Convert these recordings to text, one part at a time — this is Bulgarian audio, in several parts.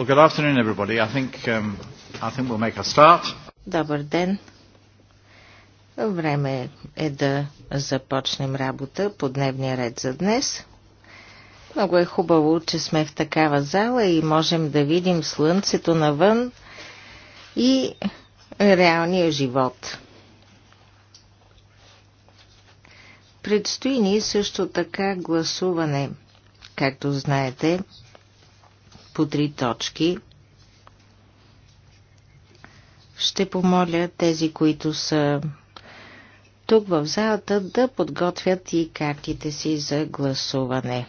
Well, good afternoon, everybody. I think, um, I think we'll make a start. Добър ден. Време е да започнем работа по дневния ред за днес. Много е хубаво, че сме в такава зала и можем да видим слънцето навън и реалния живот. Предстои ни също така гласуване. Както знаете, по три точки. Ще помоля тези, които са тук в залата, да подготвят и картите си за гласуване.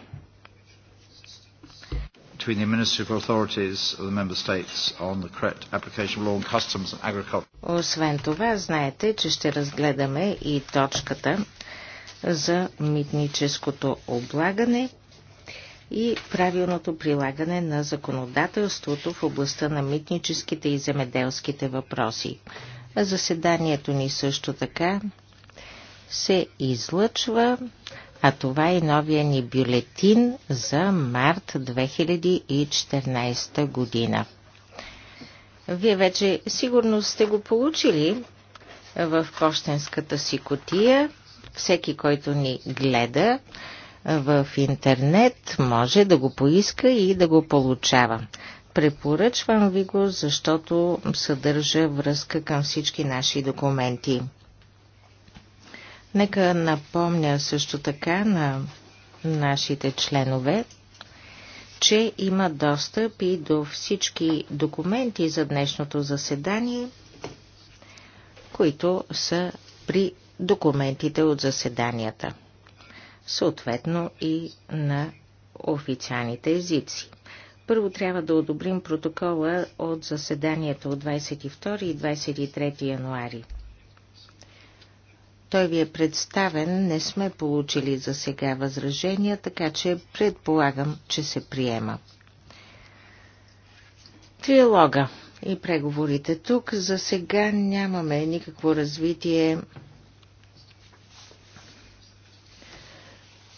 Between the administrative authorities of the member states on the correct application of law on customs and agriculture. Освен това, знаете, че ще разгледаме и точката за митническото облагане и правилното прилагане на законодателството в областта на митническите и земеделските въпроси. Заседанието ни също така се излъчва, а това е новия ни бюлетин за март 2014 година. Вие вече сигурно сте го получили в почтенската си котия. Всеки, който ни гледа, в интернет, може да го поиска и да го получава. Препоръчвам ви го, защото съдържа връзка към всички наши документи. Нека напомня също така на нашите членове, че има достъп и до всички документи за днешното заседание, които са при документите от заседанията съответно и на официалните езици. Първо трябва да одобрим протокола от заседанието от 22 и 23 януари. Той ви е представен, не сме получили за сега възражения, така че предполагам, че се приема. Триалога и преговорите тук за сега нямаме никакво развитие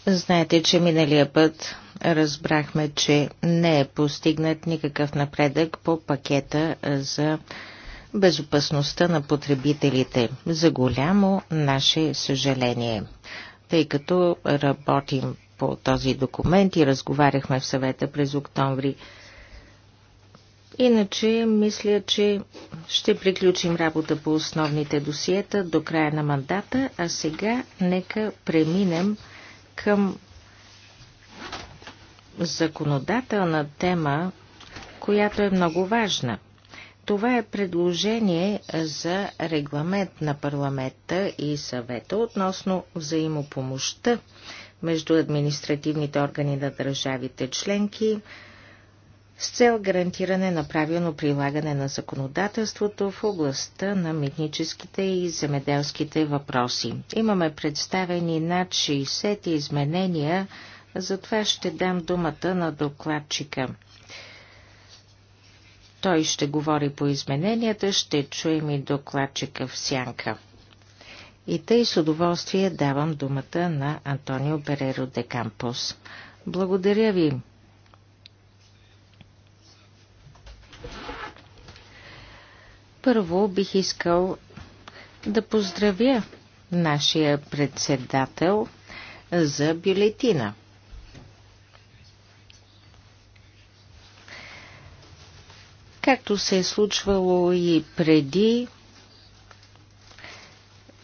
Знаете, че миналия път разбрахме, че не е постигнат никакъв напредък по пакета за безопасността на потребителите. За голямо наше съжаление, тъй като работим по този документ и разговаряхме в съвета през октомври. Иначе, мисля, че ще приключим работа по основните досиета до края на мандата, а сега нека преминем към законодателна тема, която е много важна. Това е предложение за регламент на парламента и съвета относно взаимопомощта между административните органи на държавите членки с цел гарантиране на правилно прилагане на законодателството в областта на митническите и земеделските въпроси. Имаме представени над 60 изменения, затова ще дам думата на докладчика. Той ще говори по измененията, ще чуем и докладчика в сянка. И тъй с удоволствие давам думата на Антонио Береро де Кампос. Благодаря ви! Първо бих искал да поздравя нашия председател за бюлетина. Както се е случвало и преди,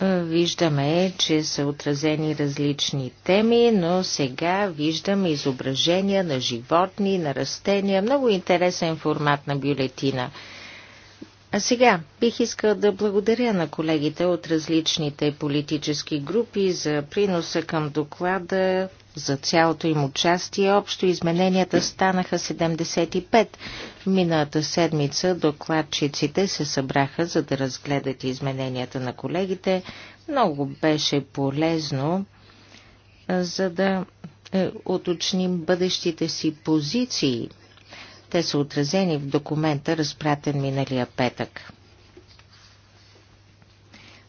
виждаме, че са отразени различни теми, но сега виждаме изображения на животни, на растения. Много интересен формат на бюлетина – а сега бих искал да благодаря на колегите от различните политически групи за приноса към доклада, за цялото им участие. Общо измененията станаха 75. Миналата седмица докладчиците се събраха, за да разгледат измененията на колегите. Много беше полезно, за да е, уточним бъдещите си позиции те са отразени в документа, разпратен миналия петък.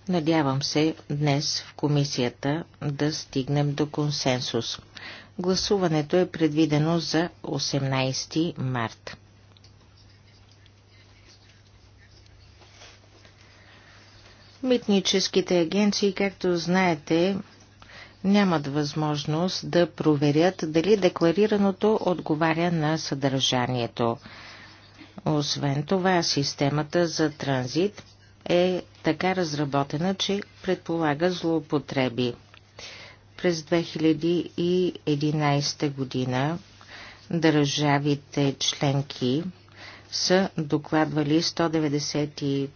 Надявам се днес в комисията да стигнем до консенсус. Гласуването е предвидено за 18 март. Митническите агенции, както знаете, нямат възможност да проверят дали декларираното отговаря на съдържанието. Освен това, системата за транзит е така разработена, че предполага злоупотреби. През 2011 година държавите членки са докладвали 195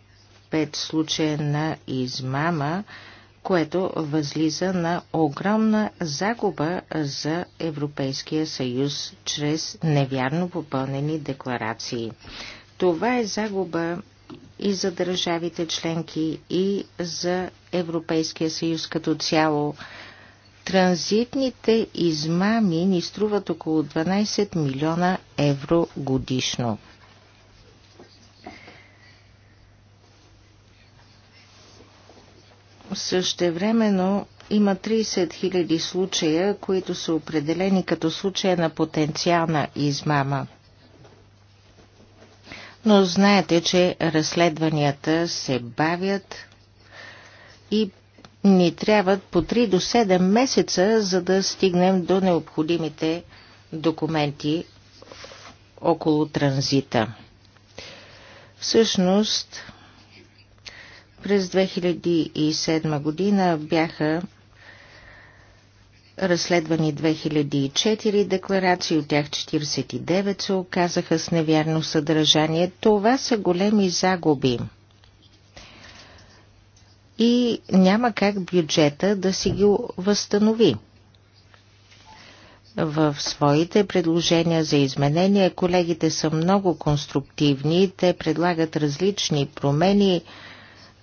случая на измама, което възлиза на огромна загуба за Европейския съюз чрез невярно попълнени декларации. Това е загуба и за държавите членки, и за Европейския съюз като цяло. Транзитните измами ни струват около 12 милиона евро годишно. Същевременно има 30 000 случая, които са определени като случая на потенциална измама. Но знаете, че разследванията се бавят и ни трябват по 3 до 7 месеца, за да стигнем до необходимите документи около транзита. Всъщност, през 2007 година бяха разследвани 2004 декларации, от тях 49 се оказаха с невярно съдържание. Това са големи загуби. И няма как бюджета да си ги възстанови. В своите предложения за изменения колегите са много конструктивни. Те предлагат различни промени,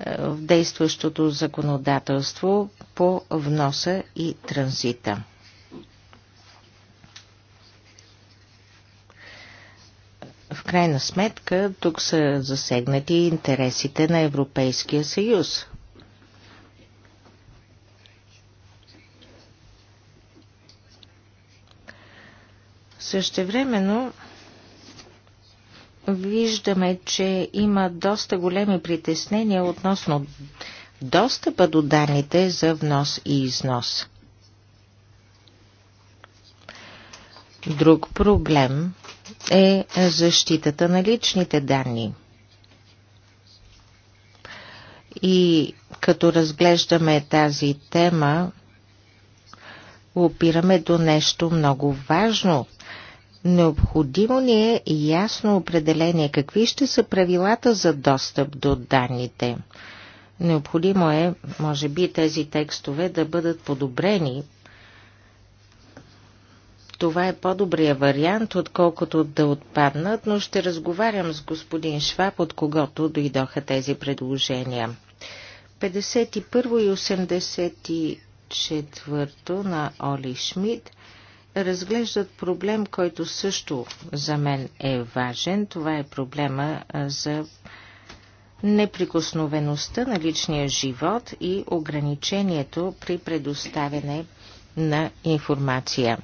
е, в действащото законодателство по вноса и транзита. В крайна сметка, тук са засегнати интересите на Европейския съюз. Същевременно, времено виждаме, че има доста големи притеснения относно достъпа до данните за внос и износ. Друг проблем е защитата на личните данни. И като разглеждаме тази тема, опираме до нещо много важно Необходимо ни е ясно определение какви ще са правилата за достъп до данните. Необходимо е, може би, тези текстове да бъдат подобрени. Това е по-добрия вариант, отколкото да отпаднат, но ще разговарям с господин Шваб, от когото дойдоха тези предложения. 51 и 84 на Оли Шмидт – разглеждат проблем, който също за мен е важен. Това е проблема за неприкосновеността на личния живот и ограничението при предоставяне на информация.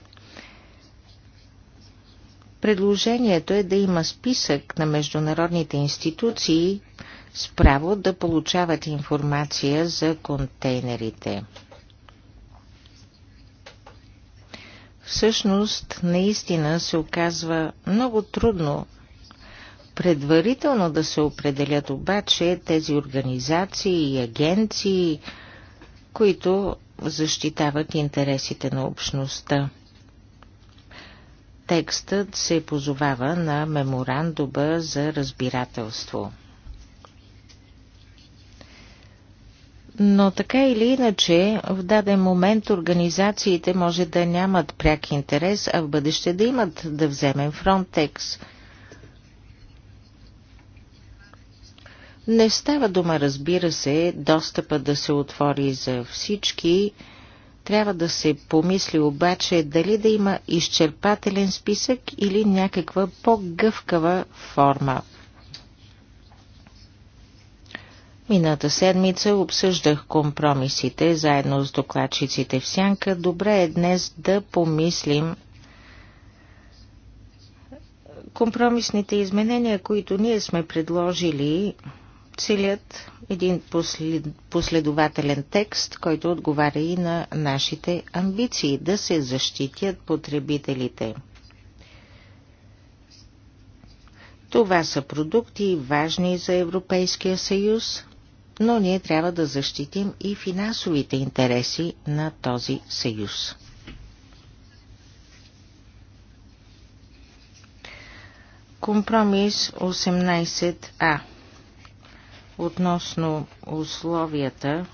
Предложението е да има списък на международните институции с право да получават информация за контейнерите. всъщност наистина се оказва много трудно предварително да се определят обаче тези организации и агенции, които защитават интересите на общността. Текстът се позовава на меморандума за разбирателство – Но така или иначе, в даден момент организациите може да нямат пряк интерес, а в бъдеще да имат да вземем Фронтекс. Не става дума, разбира се, достъпа да се отвори за всички. Трябва да се помисли обаче дали да има изчерпателен списък или някаква по-гъвкава форма – Мината седмица обсъждах компромисите заедно с докладчиците в сянка. Добре е днес да помислим компромисните изменения, които ние сме предложили, целят един последователен текст, който отговаря и на нашите амбиции да се защитят потребителите. Това са продукти важни за Европейския съюз, но ние трябва да защитим и финансовите интереси на този съюз. Компромис 18а относно условията,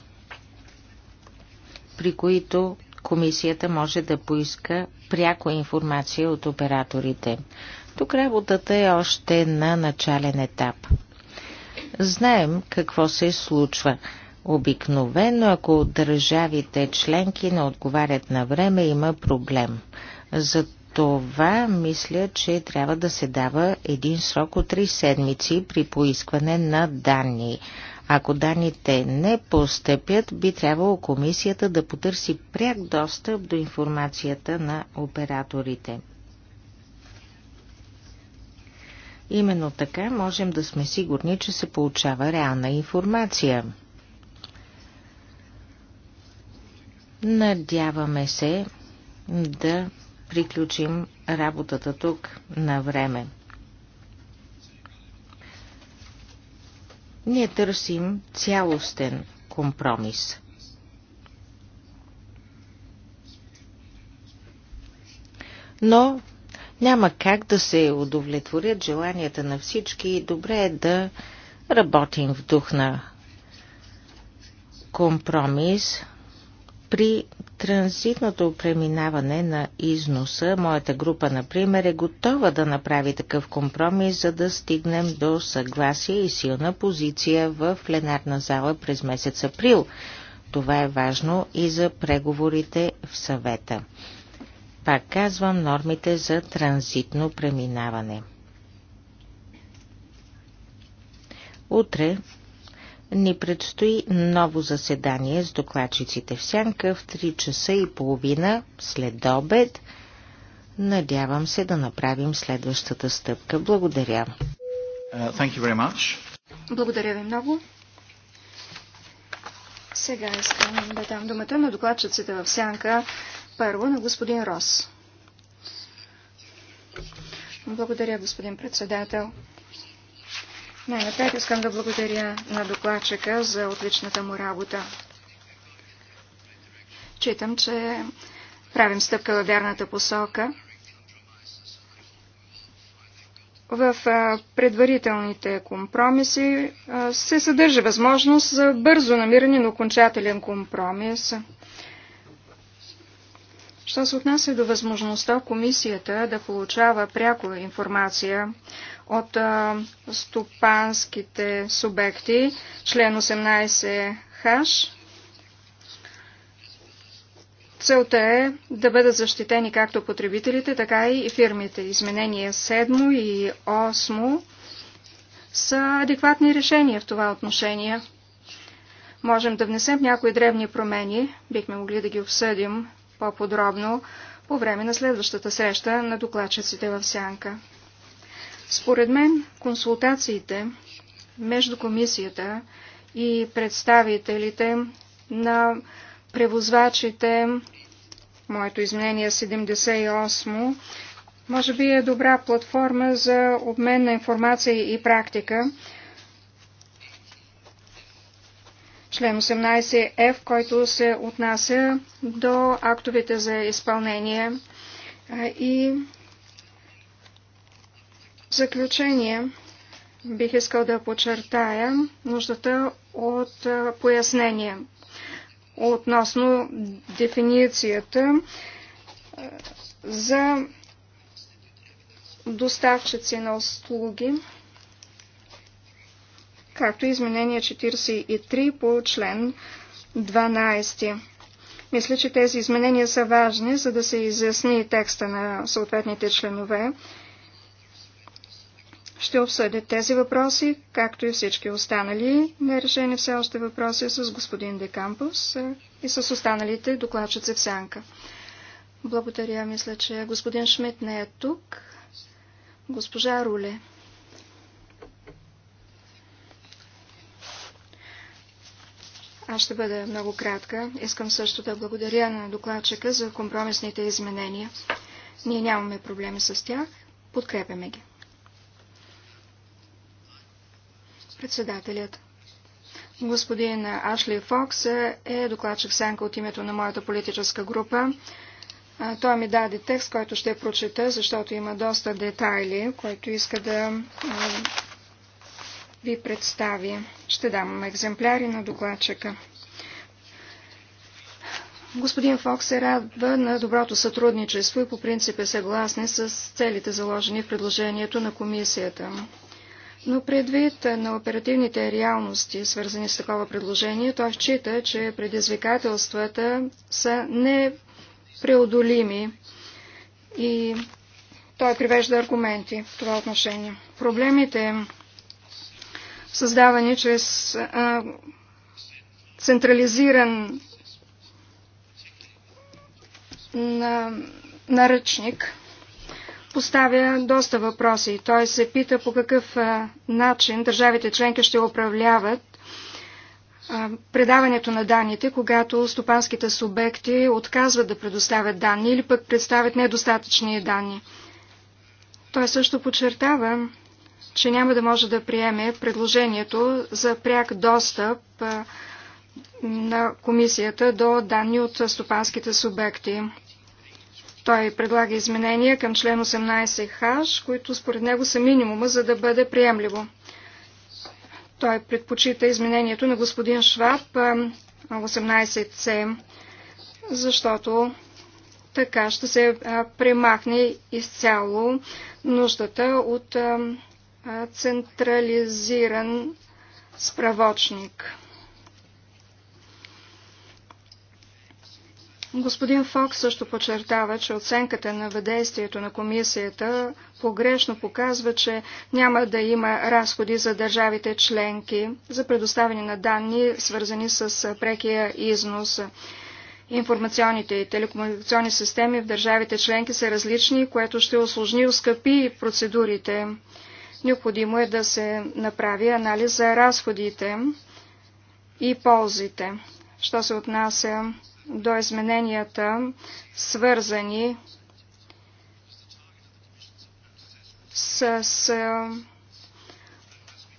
при които комисията може да поиска пряко информация от операторите. Тук работата е още на начален етап – Знаем какво се случва. Обикновено, ако държавите членки не отговарят на време, има проблем. За това мисля, че трябва да се дава един срок от 3 седмици при поискване на данни. Ако данните не постъпят, би трябвало комисията да потърси пряк достъп до информацията на операторите. Именно така можем да сме сигурни, че се получава реална информация. Надяваме се да приключим работата тук на време. Ние търсим цялостен компромис. Но няма как да се удовлетворят желанията на всички и добре е да работим в дух на компромис. При транзитното преминаване на износа, моята група, например, е готова да направи такъв компромис, за да стигнем до съгласие и силна позиция в пленарна зала през месец април. Това е важно и за преговорите в съвета. Пак казвам нормите за транзитно преминаване. Утре ни предстои ново заседание с докладчиците в Сянка в 3 часа и половина след обед. Надявам се да направим следващата стъпка. Благодаря. Uh, Благодаря ви много. Сега искам да дам думата на докладчиците в Сянка първо на господин Рос. Благодаря, господин председател. Най-напред искам да благодаря на докладчика за отличната му работа. Читам, че правим стъпка във вярната посока. В предварителните компромиси се съдържа възможност за бързо намиране на окончателен компромис. Що се отнася до възможността комисията да получава пряко информация от стопанските субекти, член 18 хаш, Целта е да бъдат защитени както потребителите, така и фирмите. Изменения 7 и 8 са адекватни решения в това отношение. Можем да внесем някои древни промени, бихме могли да ги обсъдим по-подробно по време на следващата среща на докладчиците в Сянка. Според мен, консултациите между комисията и представителите на превозвачите, моето изменение 78, може би е добра платформа за обмен на информация и практика, член 18F, който се отнася до актовете за изпълнение и заключение бих искал да подчертая нуждата от пояснение относно дефиницията за доставчици на услуги както и изменение 43 по член 12. Мисля, че тези изменения са важни, за да се изясни текста на съответните членове. Ще обсъдят тези въпроси, както и всички останали нерешени все още въпроси с господин Декампус и с останалите докладчици в сянка. Благодаря. Мисля, че господин Шмидт не е тук. Госпожа Руле. Аз ще бъда много кратка. Искам също да благодаря на докладчика за компромисните изменения. Ние нямаме проблеми с тях. Подкрепяме ги. Председателят. Господин Ашли Фокс е докладчик Сянка от името на моята политическа група. Той ми даде текст, който ще прочета, защото има доста детайли, който иска да ви представя. Ще дам екземпляри на докладчика. Господин Фокс се радва на доброто сътрудничество и по принцип е съгласни с целите заложени в предложението на комисията. Но предвид на оперативните реалности, свързани с такова предложение, той счита, че предизвикателствата са непреодолими и той привежда аргументи в това отношение. Проблемите създавани чрез а, централизиран на, наръчник, поставя доста въпроси. Той се пита по какъв а, начин държавите членки ще управляват предаването на данните, когато стопанските субекти отказват да предоставят данни или пък представят недостатъчни данни. Той също подчертава, че няма да може да приеме предложението за пряк достъп на комисията до данни от стопанските субекти. Той предлага изменения към член 18 хаш, които според него са минимума, за да бъде приемливо. Той предпочита изменението на господин Шваб 18C, защото така ще се премахне изцяло нуждата от централизиран справочник. Господин Фокс също подчертава, че оценката на въдействието на комисията погрешно показва, че няма да има разходи за държавите членки за предоставяне на данни, свързани с прекия износ. Информационните и телекомуникационни системи в държавите членки са различни, което ще осложни и ускъпи процедурите. Необходимо е да се направи анализ за разходите и ползите. Що се отнася до измененията, свързани с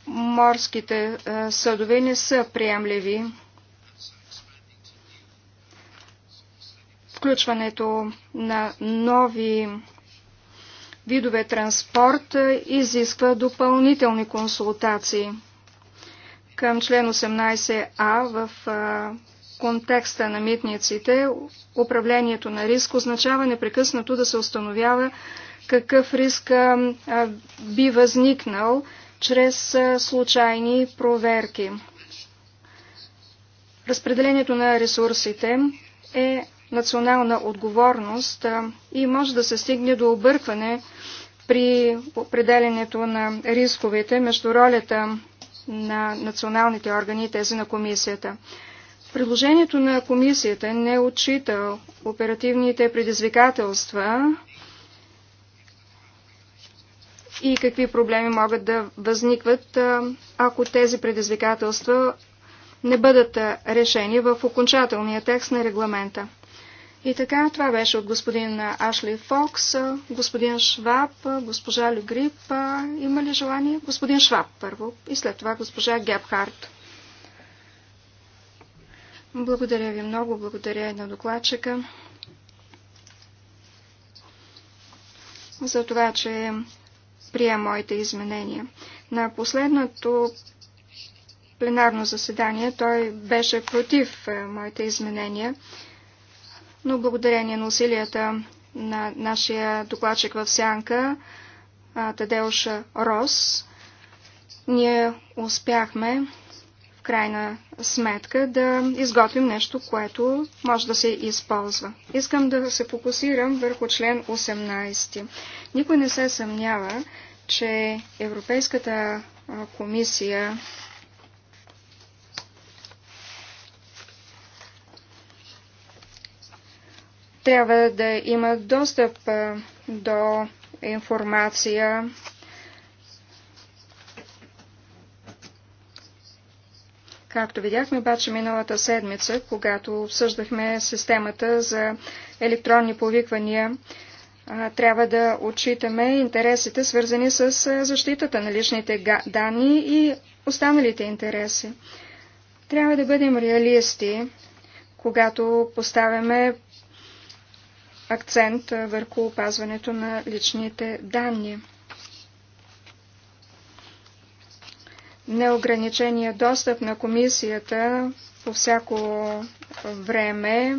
морските съдове, не са приемливи. Включването на нови видове транспорт е, изисква допълнителни консултации. Към член 18а в е, контекста на митниците, управлението на риск означава непрекъснато да се установява какъв риск е, би възникнал чрез случайни проверки. Разпределението на ресурсите е национална отговорност и може да се стигне до объркване при определенето на рисковете между ролята на националните органи и тези на комисията. Предложението на комисията не отчита оперативните предизвикателства и какви проблеми могат да възникват, ако тези предизвикателства не бъдат решени в окончателния текст на регламента. И така, това беше от господин Ашли Фокс, господин Шваб, госпожа Люгрип. Има ли желание? Господин Шваб първо и след това госпожа Гебхарт. Благодаря ви много, благодаря и на докладчика за това, че прия моите изменения. На последното пленарно заседание той беше против е, моите изменения но благодарение на усилията на нашия докладчик в Сянка, Тадеуша Рос, ние успяхме в крайна сметка да изготвим нещо, което може да се използва. Искам да се фокусирам върху член 18. Никой не се съмнява, че Европейската комисия трябва да има достъп до информация. Както видяхме обаче миналата седмица, когато обсъждахме системата за електронни повиквания, трябва да отчитаме интересите, свързани с защитата на личните данни и останалите интереси. Трябва да бъдем реалисти, когато поставяме акцент върху опазването на личните данни. Неограничения достъп на комисията по всяко време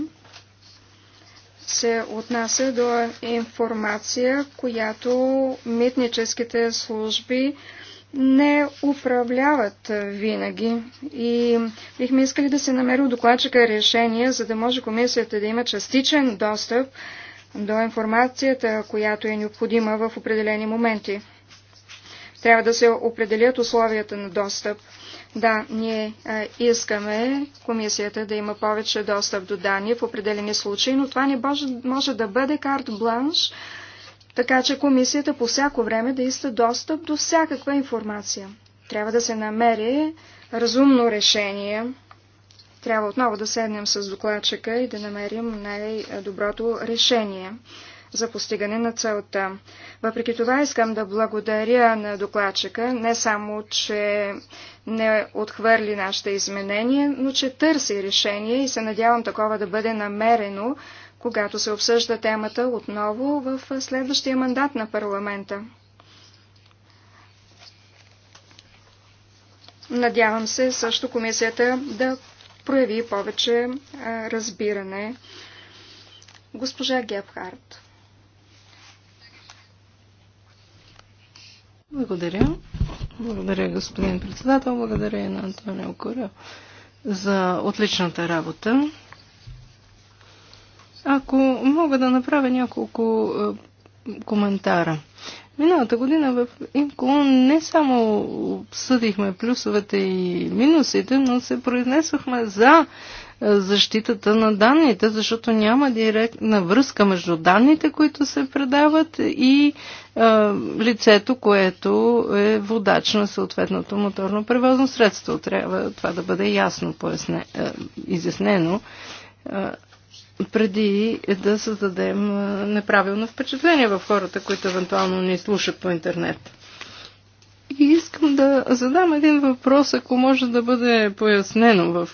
се отнася до информация, която митническите служби не управляват винаги и бихме искали да се намери у докладчика решение, за да може комисията да има частичен достъп до информацията, която е необходима в определени моменти. Трябва да се определят условията на достъп. Да, ние искаме комисията да има повече достъп до данни в определени случаи, но това не може, може да бъде карт бланш така че комисията по всяко време да иска достъп до всякаква информация. Трябва да се намери разумно решение. Трябва отново да седнем с докладчика и да намерим най-доброто решение за постигане на целта. Въпреки това искам да благодаря на докладчика, не само, че не отхвърли нашите изменения, но че търси решение и се надявам такова да бъде намерено, когато се обсъжда темата отново в следващия мандат на парламента. Надявам се също комисията да прояви повече разбиране. Госпожа Гебхарт. Благодаря. Благодаря, господин председател. Благодаря и на Антонио Кура за отличната работа. Ако мога да направя няколко е, коментара. Миналата година в Инко не само обсъдихме плюсовете и минусите, но се произнесохме за е, защитата на данните, защото няма директна връзка между данните, които се предават и е, лицето, което е водач на съответното моторно превозно средство. Трябва това да бъде ясно поясне, е, изяснено. Е, преди да създадем неправилно впечатление в хората, които евентуално ни слушат по интернет. И искам да задам един въпрос, ако може да бъде пояснено в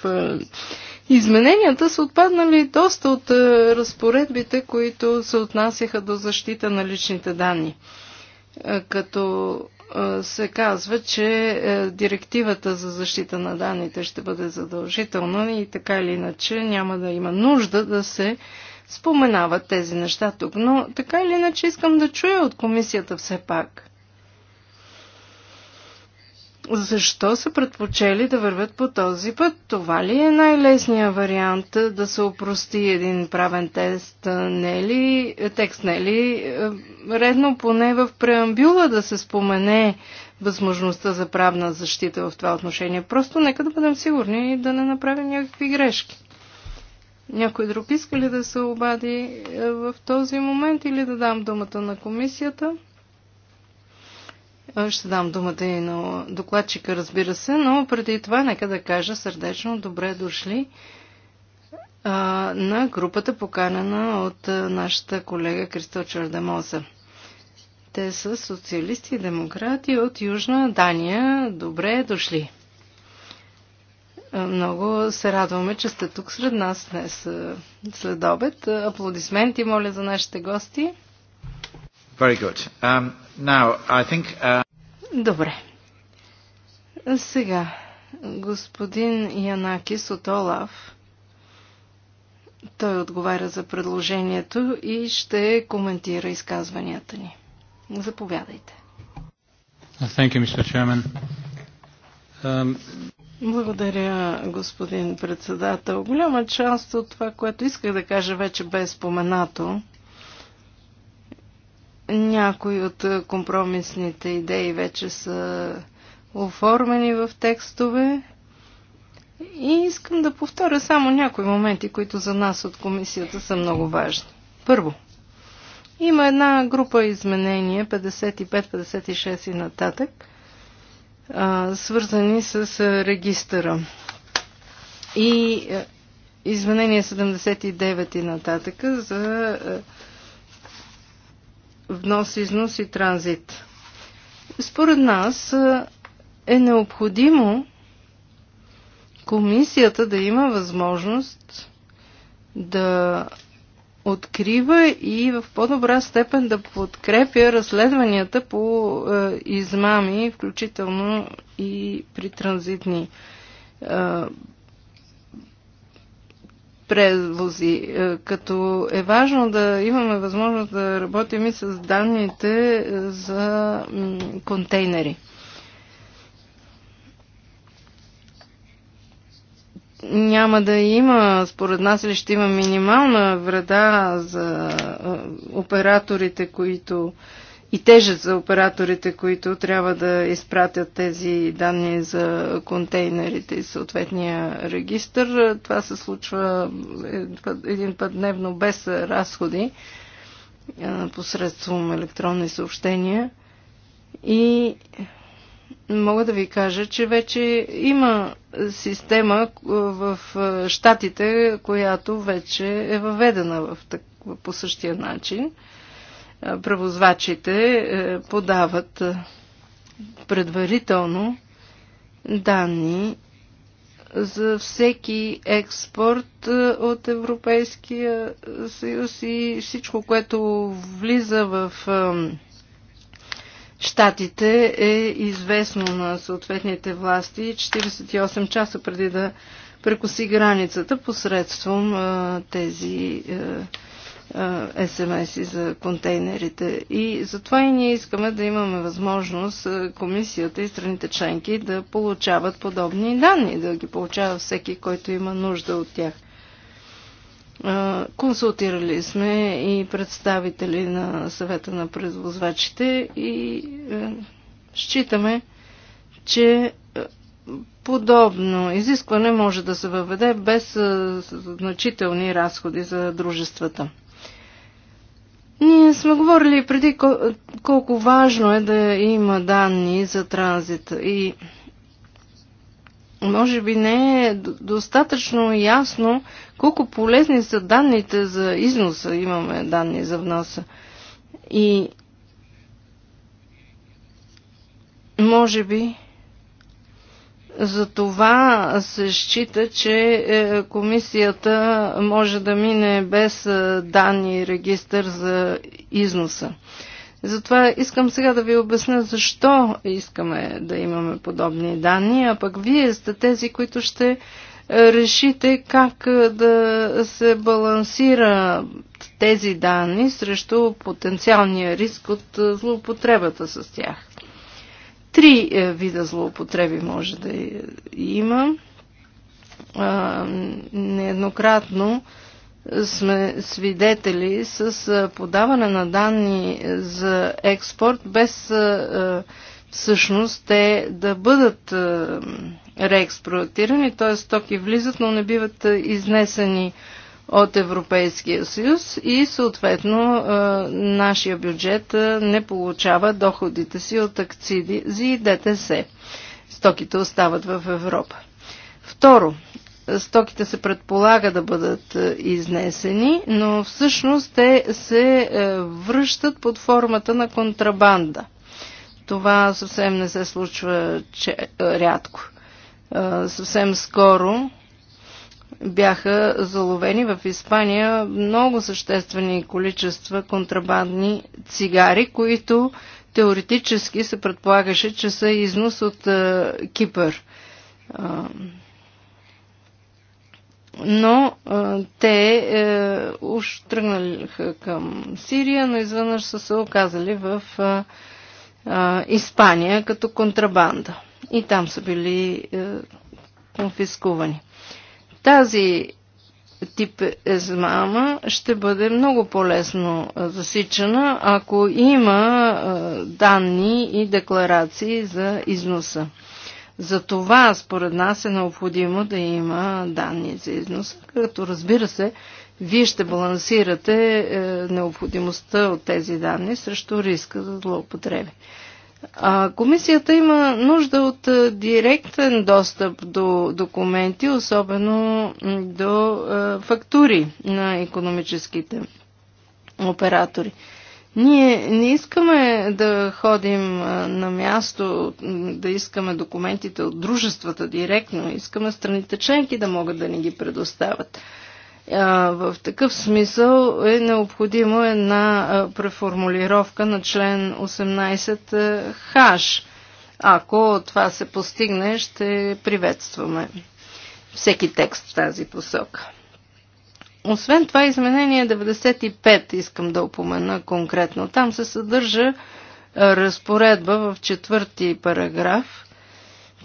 Измененията са отпаднали доста от разпоредбите, които се отнасяха до защита на личните данни. Като се казва, че е, директивата за защита на данните ще бъде задължителна и така или иначе няма да има нужда да се споменават тези неща тук. Но така или иначе искам да чуя от комисията все пак. Защо са предпочели да вървят по този път? Това ли е най-лесният вариант да се опрости един правен тест? Не е ли, текст не е ли? Редно поне в преамбюла да се спомене възможността за правна защита в това отношение. Просто нека да бъдем сигурни и да не направим някакви грешки. Някой друг иска ли да се обади в този момент или да дам думата на комисията? Ще дам думата и на докладчика, разбира се, но преди това нека да кажа сърдечно добре дошли на групата, поканена от нашата колега Кристо Чардемоза. Те са социалисти и демократи от Южна Дания. Добре дошли! Много се радваме, че сте тук сред нас днес след обед. Аплодисменти, моля, за нашите гости. Very good. Um, now, I think, uh... Добре. Сега, господин Янакис от Олаф, той отговаря за предложението и ще коментира изказванията ни. Заповядайте. Thank you, Mr. Chairman. Um... Благодаря, господин председател. Голяма част от това, което исках да кажа, вече бе споменато. Някои от е, компромисните идеи вече са оформени в текстове. И искам да повторя само някои моменти, които за нас от комисията са много важни. Първо, има една група изменения, 55, 56 и нататък, свързани с е, регистъра. И е, изменение 79 и нататък за внос, износ и транзит. Според нас е необходимо комисията да има възможност да открива и в по-добра степен да подкрепя разследванията по е, измами, включително и при транзитни е, превози. Е, като е важно да имаме възможност да работим и с данните е, за контейнери. няма да има, според нас ли ще има минимална вреда за е, операторите, които и тежест за операторите, които трябва да изпратят тези данни за контейнерите и съответния регистр. Това се случва един път дневно без разходи посредством електронни съобщения. И мога да ви кажа, че вече има система в Штатите, която вече е въведена в, по същия начин превозвачите е, подават е, предварително данни за всеки експорт е, от Европейския съюз и всичко, което влиза в Штатите е известно на съответните власти 48 часа преди да прекоси границата посредством тези СМС-и за контейнерите. И затова и ние искаме да имаме възможност комисията и страните членки да получават подобни данни, да ги получава всеки, който има нужда от тях. Консултирали сме и представители на съвета на производвачите и считаме, че подобно изискване може да се въведе без значителни разходи за дружествата. Ние сме говорили преди колко важно е да има данни за транзит и може би не е достатъчно ясно колко полезни са данните за износа. Имаме данни за вноса. И може би за това се счита, че е, комисията може да мине без е, данни и регистър за износа. Затова искам сега да ви обясня защо искаме да имаме подобни данни, а пък вие сте тези, които ще е, решите как да се балансира тези данни срещу потенциалния риск от злоупотребата с тях. Три е, вида злоупотреби може да има. Нееднократно сме свидетели с е, подаване на данни за експорт без е, всъщност те да бъдат реексплуатирани, т.е. стоки влизат, но не биват изнесени от Европейския съюз и съответно е, нашия бюджет е, не получава доходите си от акциди и ДТС. Стоките остават в Европа. Второ, стоките се предполага да бъдат е, изнесени, но всъщност те се връщат под формата на контрабанда. Това съвсем не се случва че, рядко. Съвсем скоро бяха заловени в Испания много съществени количества контрабандни цигари, които теоретически се предполагаше, че са износ от а, е, Кипър. А, но а, е, те а, е, уж тръгнаха към Сирия, но изведнъж са се оказали в а, а, Испания като контрабанда. И там са били а, конфискувани. Тази тип измама ще бъде много по-лесно засичана, ако има данни и декларации за износа. За това, според нас, е необходимо да има данни за износа, като разбира се, вие ще балансирате е, необходимостта от тези данни срещу риска за злоупотреби. А, комисията има нужда от директен достъп до документи, особено до а, фактури на економическите оператори. Ние не искаме да ходим на място, да искаме документите от дружествата директно, искаме страните членки да могат да ни ги предоставят. В такъв смисъл е необходимо една преформулировка на член 18 хаш. Ако това се постигне, ще приветстваме всеки текст в тази посока. Освен това, изменение 95 искам да упомена конкретно. Там се съдържа разпоредба в четвърти параграф,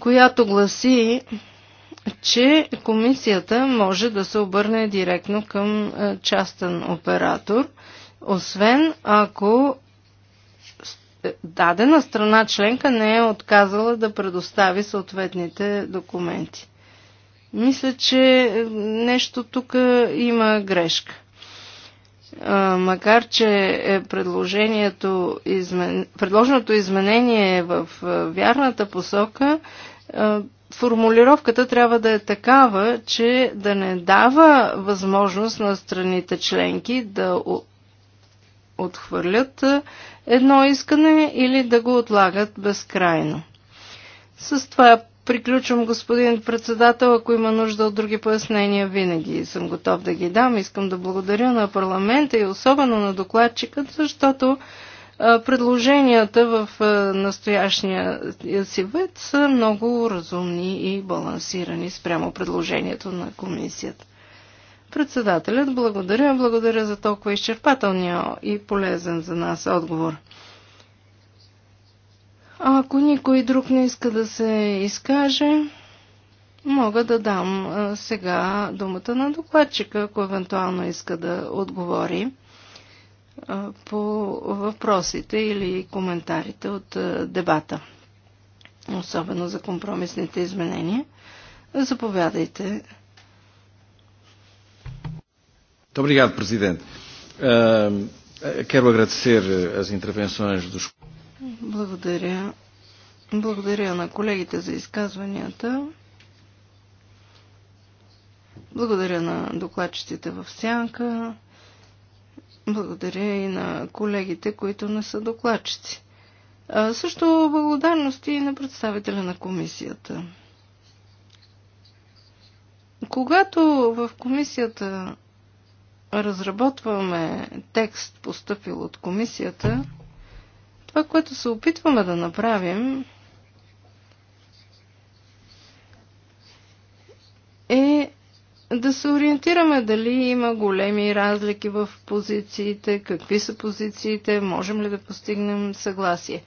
която гласи, че комисията може да се обърне директно към е, частен оператор, освен ако е, дадена страна членка не е отказала да предостави съответните документи. Мисля, че е, нещо тук има грешка. Макар, че предложението, измен... предложеното изменение е в вярната посока, формулировката трябва да е такава, че да не дава възможност на страните членки да отхвърлят е, едно искане или да го отлагат безкрайно. С това приключвам, господин председател. Ако има нужда от други пояснения, винаги съм готов да ги дам. Искам да благодаря на парламента и особено на докладчикът, защото Предложенията в настоящия си вид са много разумни и балансирани спрямо предложението на комисията. Председателят, благодаря, благодаря за толкова изчерпателния и полезен за нас отговор. А ако никой друг не иска да се изкаже, мога да дам сега думата на докладчика, ако евентуално иска да отговори по въпросите или коментарите от дебата, особено за компромисните изменения. Заповядайте. Obrigado, Presidente. quero agradecer as intervenções dos. Благодаря. Благодаря на колегите за изказванията. Благодаря на докладчиците в Сянка. Благодаря и на колегите, които не са докладчици. А, също благодарности и на представителя на комисията. Когато в комисията разработваме текст, поступил от комисията, това, което се опитваме да направим, да се ориентираме дали има големи разлики в позициите, какви са позициите, можем ли да постигнем съгласие.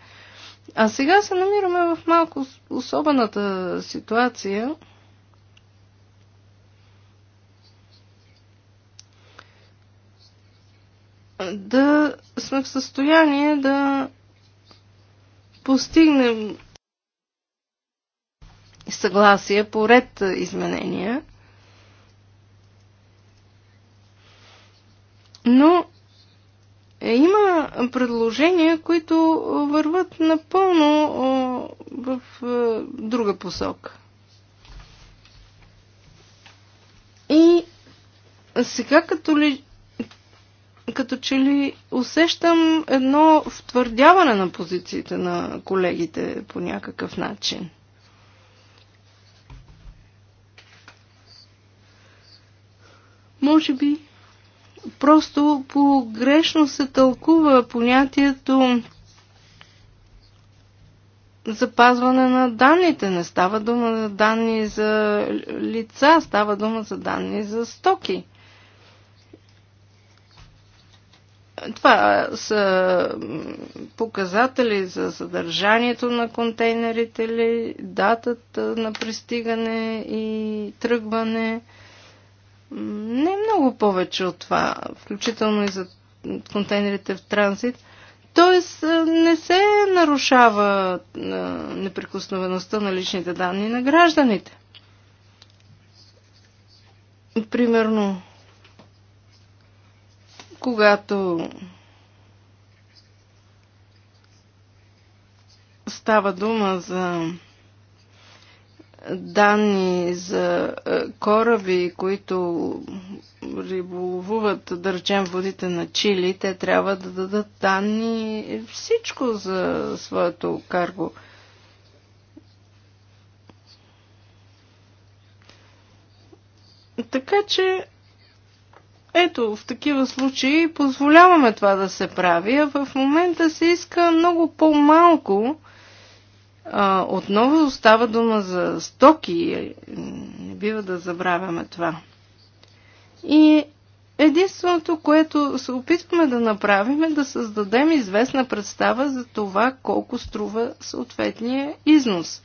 А сега се намираме в малко особената ситуация. Да сме в състояние да постигнем съгласие по ред изменения Но е, има предложения, които върват напълно в е, друга посока. И сега като ли като че ли усещам едно втвърдяване на позициите на колегите по някакъв начин. Може би Просто погрешно се тълкува понятието запазване на данните. Не става дума за данни за лица, става дума за данни за стоки. Това са показатели за съдържанието на контейнерите ли, датата на пристигане и тръгване – не много повече от това, включително и за контейнерите в транзит. Тоест не се нарушава неприкосновеността на личните данни на гражданите. Примерно, когато става дума за данни за е, кораби, които риболовуват, да речем, водите на Чили, те трябва да дадат данни всичко за своето карго. Така че, ето, в такива случаи позволяваме това да се прави, а в момента се иска много по-малко, а, отново остава дума за стоки. Не бива да забравяме това. И единственото, което се опитваме да направим е да създадем известна представа за това колко струва съответния износ.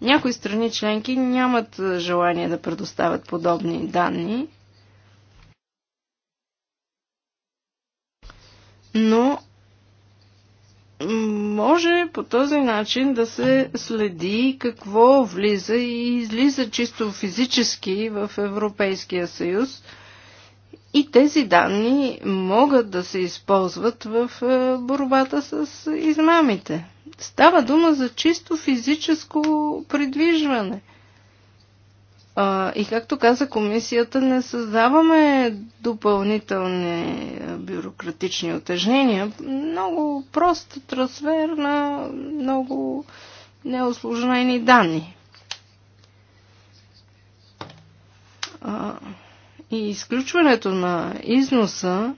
Някои страни членки нямат желание да предоставят подобни данни, но може по този начин да се следи какво влиза и излиза чисто физически в Европейския съюз. И тези данни могат да се използват в е, борбата с измамите. Става дума за чисто физическо придвижване – а, и както каза комисията, не създаваме допълнителни е, бюрократични отежнения. Много прост трансфер на много неослужнени данни. А, и изключването на износа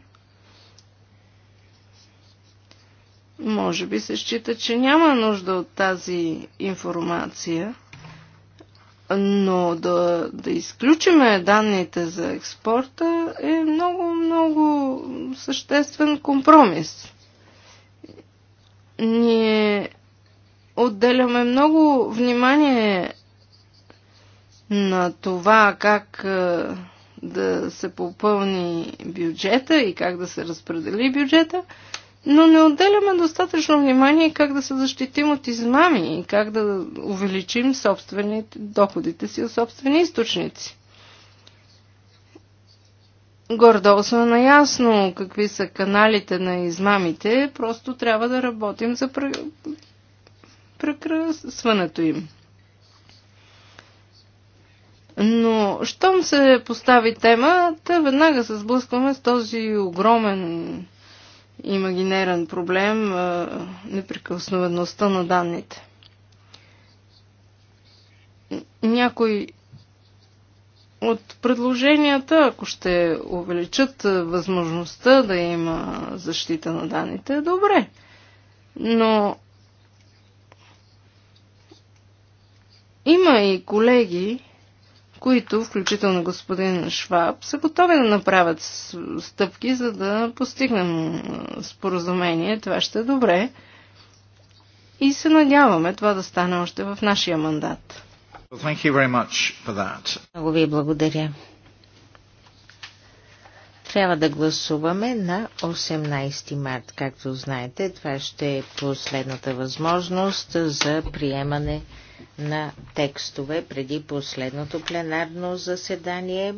може би се счита, че няма нужда от тази информация – но да, да изключиме данните за експорта е много, много съществен компромис. Ние отделяме много внимание на това как е, да се попълни бюджета и как да се разпредели бюджета, но не отделяме достатъчно внимание как да се защитим от измами и как да увеличим собствените, доходите си от собствени източници. Гордо сме наясно какви са каналите на измамите, просто трябва да работим за прекрасването им. Но, щом се постави тема, веднага се сблъскваме с този огромен имагинерен проблем неприкосновеността на данните. Някои от предложенията, ако ще увеличат възможността да има защита на данните, е добре. Но има и колеги, които, включително господин Шваб, са готови да направят стъпки, за да постигнем споразумение. Това ще е добре. И се надяваме това да стане още в нашия мандат. Well, Много ви благодаря. Трябва да гласуваме на 18 март. Както знаете, това ще е последната възможност за приемане на текстове преди последното пленарно заседание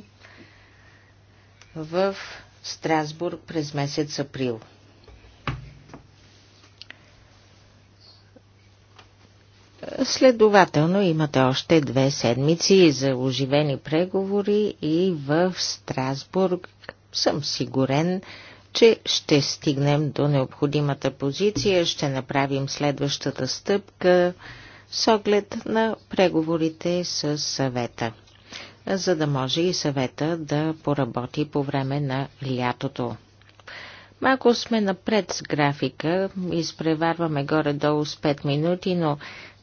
в Страсбург през месец април. Следователно имате още две седмици за оживени преговори и в Страсбург съм сигурен, че ще стигнем до необходимата позиция, ще направим следващата стъпка с оглед на преговорите с съвета, за да може и съвета да поработи по време на лятото. Малко сме напред с графика, изпреварваме горе-долу с 5 минути, но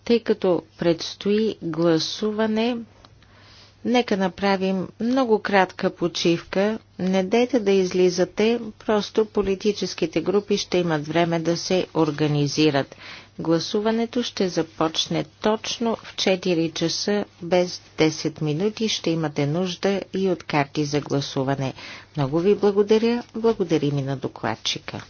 тъй като предстои гласуване, Нека направим много кратка почивка. Не дейте да излизате, просто политическите групи ще имат време да се организират. Гласуването ще започне точно в 4 часа без 10 минути. Ще имате нужда и от карти за гласуване. Много ви благодаря. Благодарим и на докладчика.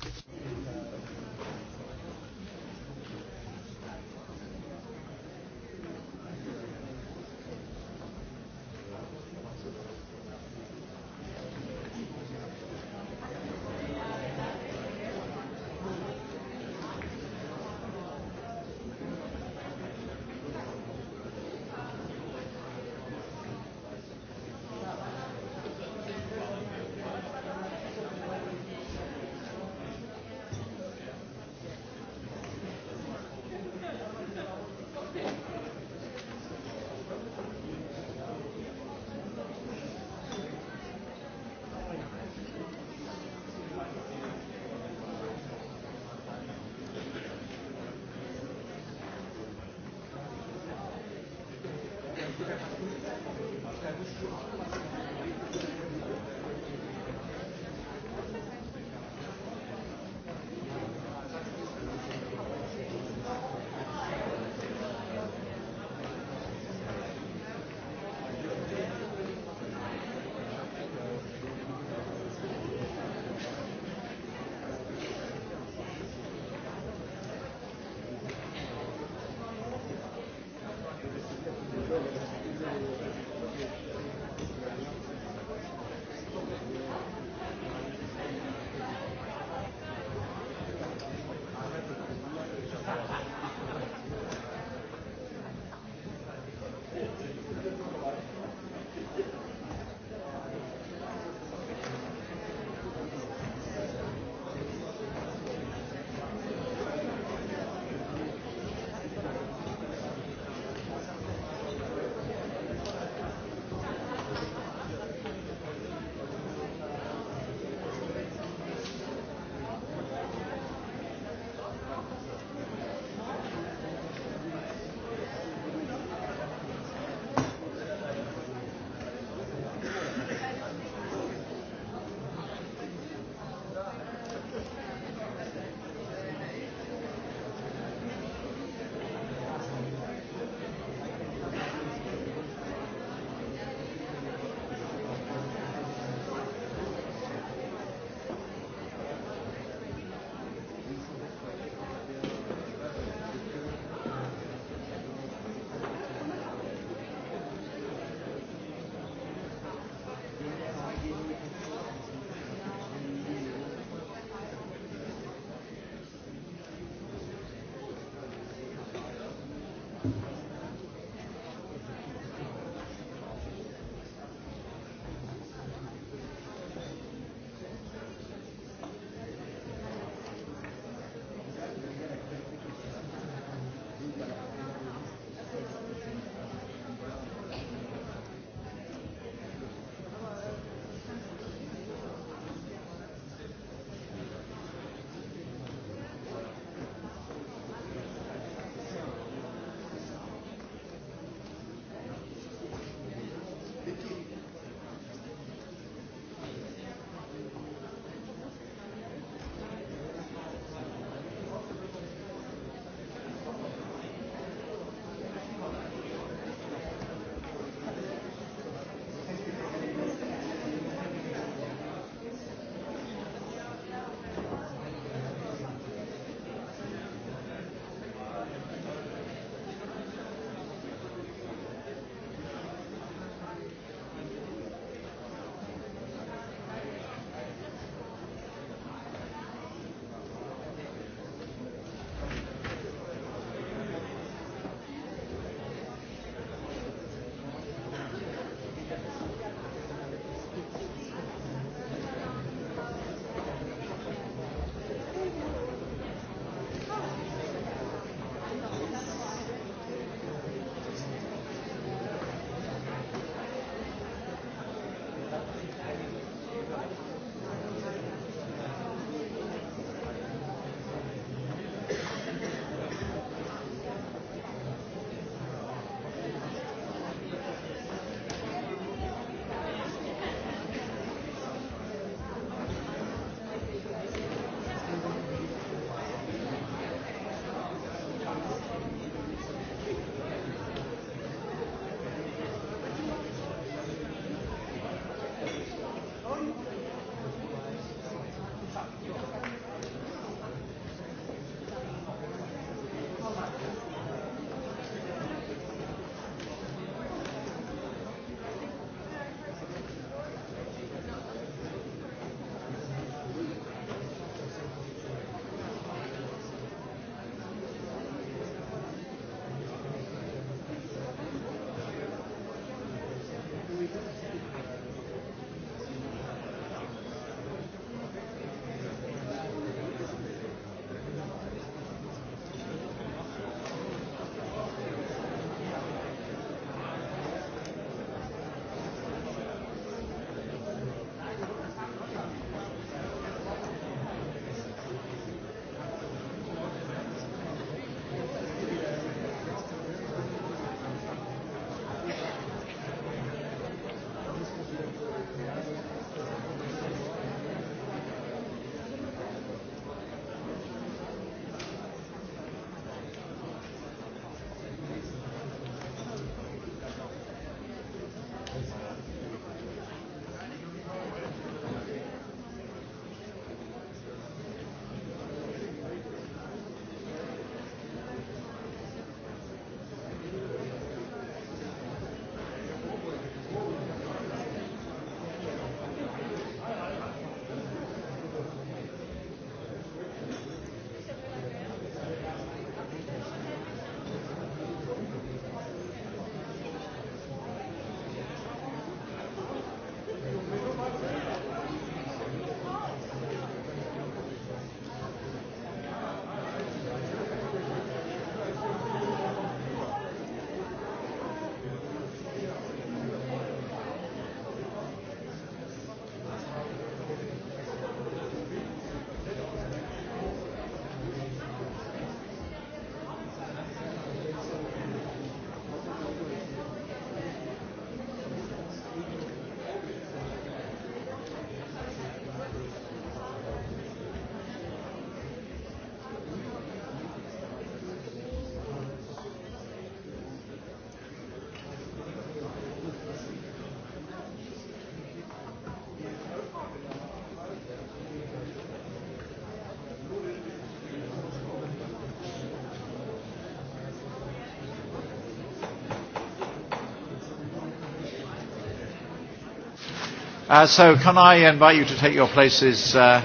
Uh, so can I invite you to take your places? Uh,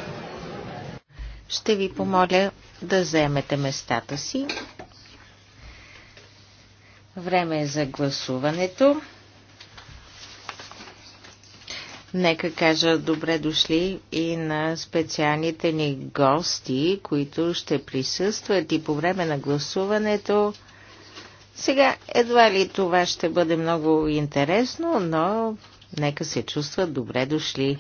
ще ви помоля да заемете местата си. Време е за гласуването. Нека кажа добре дошли и на специалните ни гости, които ще присъстват и по време на гласуването. Сега едва ли това ще бъде много интересно, но Нека се чувстват добре дошли.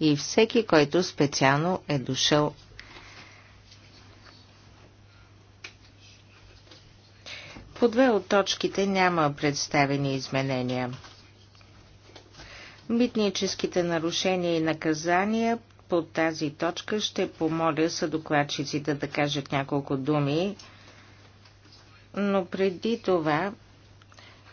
И всеки, който специално е дошъл. По две от точките няма представени изменения. Митническите нарушения и наказания по тази точка ще помоля съдокладчиците да кажат няколко думи, но преди това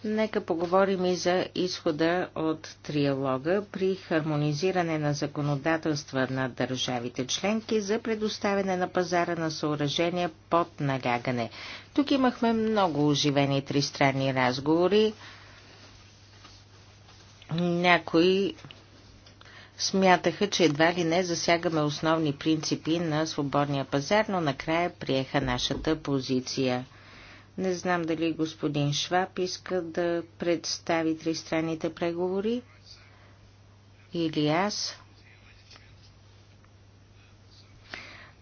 Нека поговорим и за изхода от триалога при хармонизиране на законодателства на държавите членки за предоставяне на пазара на съоръжения под налягане. Тук имахме много оживени тристранни разговори. Някои смятаха, че едва ли не засягаме основни принципи на свободния пазар, но накрая приеха нашата позиция – не знам дали господин Шваб иска да представи тристранните преговори или аз.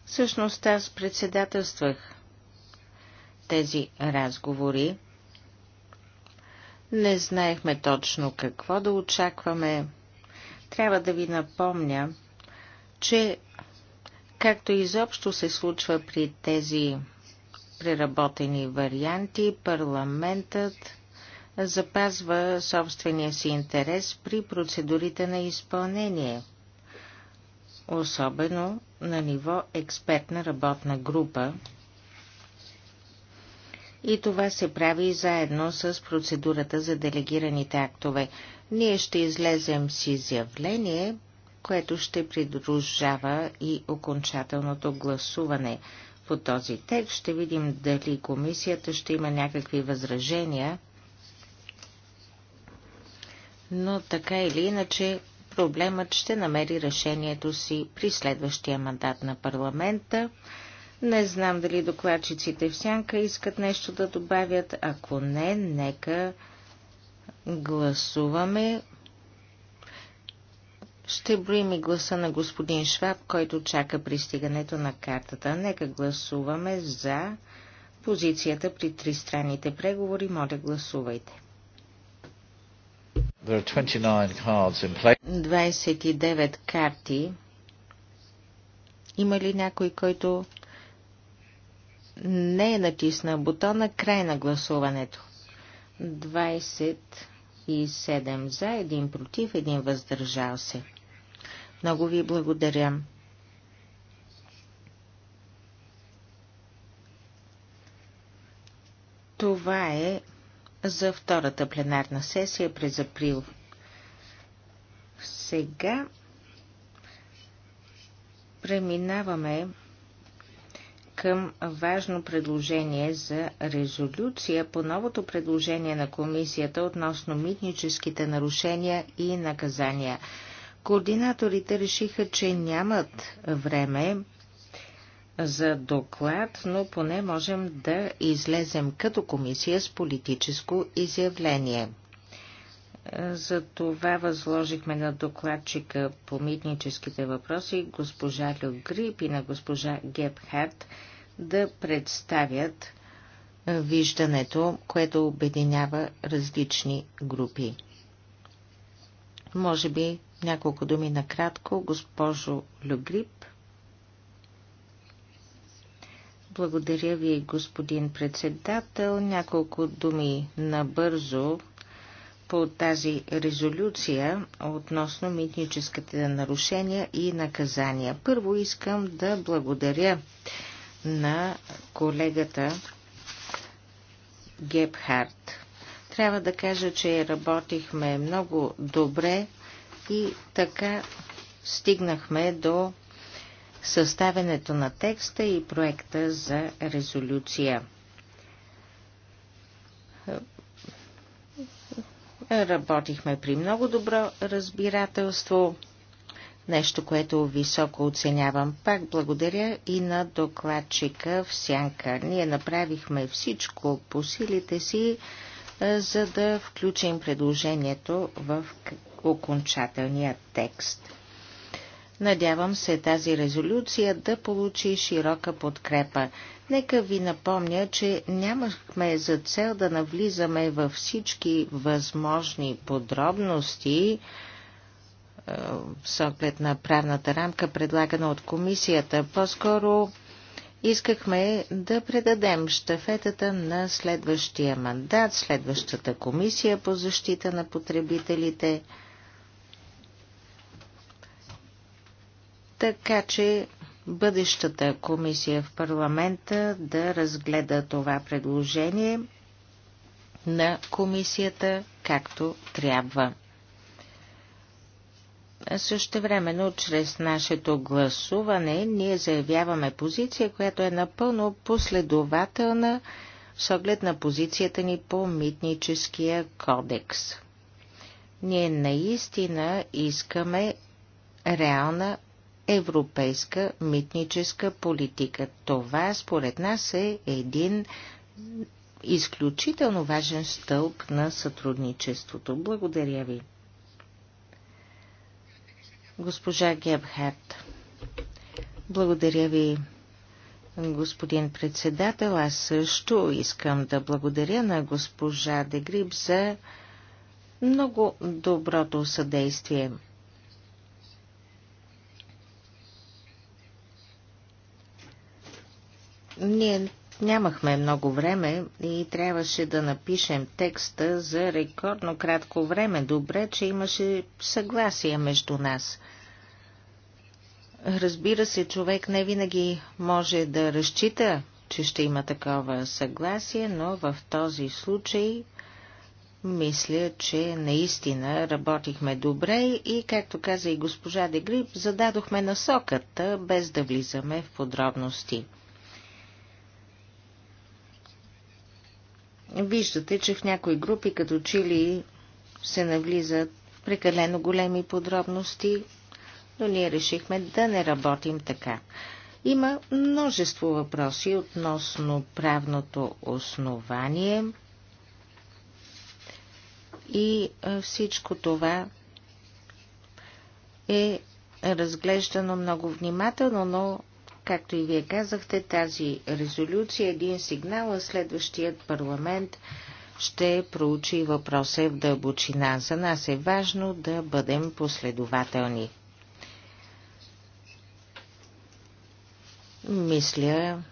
Всъщност аз председателствах тези разговори. Не знаехме точно какво да очакваме. Трябва да ви напомня, че както изобщо се случва при тези преработени варианти, парламентът запазва собствения си интерес при процедурите на изпълнение, особено на ниво експертна работна група. И това се прави заедно с процедурата за делегираните актове. Ние ще излезем с изявление, което ще придружава и окончателното гласуване по този текст. Ще видим дали комисията ще има някакви възражения. Но така или иначе проблемът ще намери решението си при следващия мандат на парламента. Не знам дали докладчиците в сянка искат нещо да добавят. Ако не, нека гласуваме ще броим и гласа на господин Шваб, който чака пристигането на картата. Нека гласуваме за позицията при тристранните преговори. Моля, гласувайте. 29 карти. Има ли някой, който не е натиснал бутона край на гласуването? 20 7 за, 1 против, 1 въздържал се. Много ви благодаря. Това е за втората пленарна сесия през април. Сега преминаваме към важно предложение за резолюция по новото предложение на комисията относно митническите нарушения и наказания. Координаторите решиха, че нямат време за доклад, но поне можем да излезем като комисия с политическо изявление. За това възложихме на докладчика по митническите въпроси госпожа Люгрип и на госпожа Гепхарт да представят виждането, което обединява различни групи. Може би няколко думи накратко, госпожо Люгрип. Благодаря ви, господин председател. Няколко думи набързо по тази резолюция относно митническите нарушения и наказания. Първо искам да благодаря на колегата Гепхарт. Трябва да кажа, че работихме много добре и така стигнахме до съставянето на текста и проекта за резолюция. Работихме при много добро разбирателство нещо, което високо оценявам. Пак благодаря и на докладчика в Сянка. Ние направихме всичко по силите си, за да включим предложението в окончателния текст. Надявам се тази резолюция да получи широка подкрепа. Нека ви напомня, че нямахме за цел да навлизаме във всички възможни подробности, е, с оглед на правната рамка, предлагана от комисията. По-скоро искахме да предадем щафетата на следващия мандат, следващата комисия по защита на потребителите. Така че бъдещата комисия в парламента да разгледа това предложение на комисията както трябва. Същевременно, чрез нашето гласуване, ние заявяваме позиция, която е напълно последователна с оглед на позицията ни по митническия кодекс. Ние наистина искаме реална европейска митническа политика. Това според нас е един изключително важен стълб на сътрудничеството. Благодаря ви. Госпожа Гебхарт. Благодаря ви, господин председател. Аз също искам да благодаря на госпожа Дегриб за много доброто съдействие. Ние Нямахме много време и трябваше да напишем текста за рекордно кратко време. Добре, че имаше съгласие между нас. Разбира се, човек не винаги може да разчита, че ще има такова съгласие, но в този случай мисля, че наистина работихме добре и, както каза и госпожа Дегрип, зададохме насоката, без да влизаме в подробности. Виждате, че в някои групи като чили се навлизат в прекалено големи подробности, но ние решихме да не работим така. Има множество въпроси относно правното основание и е, всичко това е разглеждано много внимателно, но Както и вие казахте, тази резолюция е един сигнал, а следващият парламент ще проучи въпроса в дълбочина. За нас е важно да бъдем последователни. Мисля,